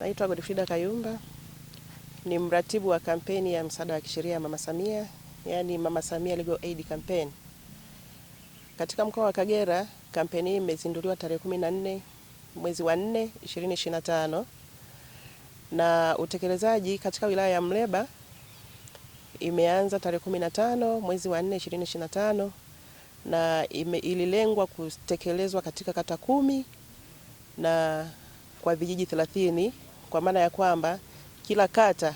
Naitwa Godfrida Kayumba, ni mratibu wa kampeni ya msaada wa kisheria ya Mama Samia, yaani Mama Samia Legal Aid Campaign. Katika mkoa wa Kagera, kampeni hii imezinduliwa tarehe 14 mwezi wa 4 2025, na utekelezaji katika wilaya ya Mleba imeanza tarehe 15 mwezi wa 4 2025, na ime, ililengwa kutekelezwa katika kata kumi na kwa vijiji kwa maana ya kwamba kila kata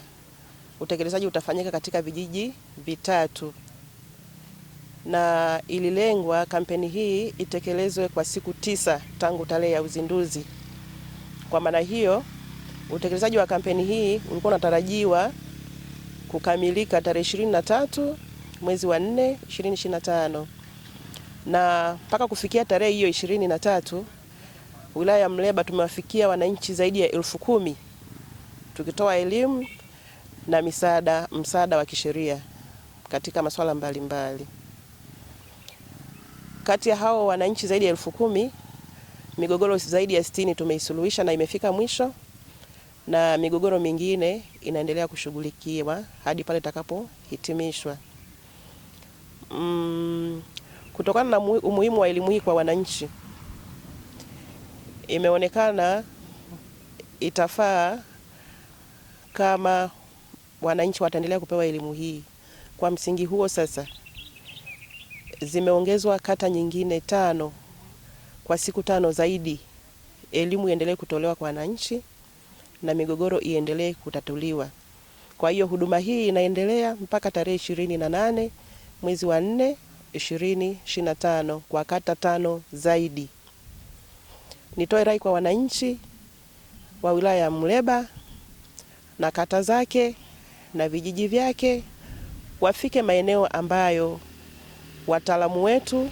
utekelezaji utafanyika katika vijiji vitatu, na ililengwa kampeni hii itekelezwe kwa siku tisa tangu tarehe ya uzinduzi. Kwa maana hiyo utekelezaji wa kampeni hii ulikuwa unatarajiwa kukamilika tarehe ishirini na tatu mwezi wa nne 2025 na mpaka kufikia tarehe hiyo ishirini na tatu wilaya ya Mleba tumewafikia wananchi zaidi ya elfu kumi tukitoa elimu na misaada, msaada wa kisheria katika masuala mbalimbali. Kati ya hao wananchi zaidi ya elfu kumi migogoro zaidi ya sitini tumeisuluhisha na imefika mwisho, na migogoro mingine inaendelea kushughulikiwa hadi pale itakapohitimishwa. Mm, kutokana na umuhimu wa elimu hii kwa wananchi imeonekana itafaa kama wananchi wataendelea kupewa elimu hii. Kwa msingi huo sasa zimeongezwa kata nyingine tano kwa siku tano zaidi, elimu iendelee kutolewa kwa wananchi na migogoro iendelee kutatuliwa. Kwa hiyo huduma hii inaendelea mpaka tarehe ishirini na nane mwezi wa nne ishirini ishirini na tano kwa kata tano zaidi. Nitoe rai kwa wananchi wa wilaya ya Muleba na kata zake na vijiji vyake wafike maeneo ambayo wataalamu wetu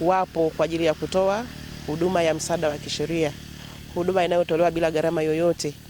wapo kwa ajili ya kutoa huduma ya msaada wa kisheria, huduma inayotolewa bila gharama yoyote.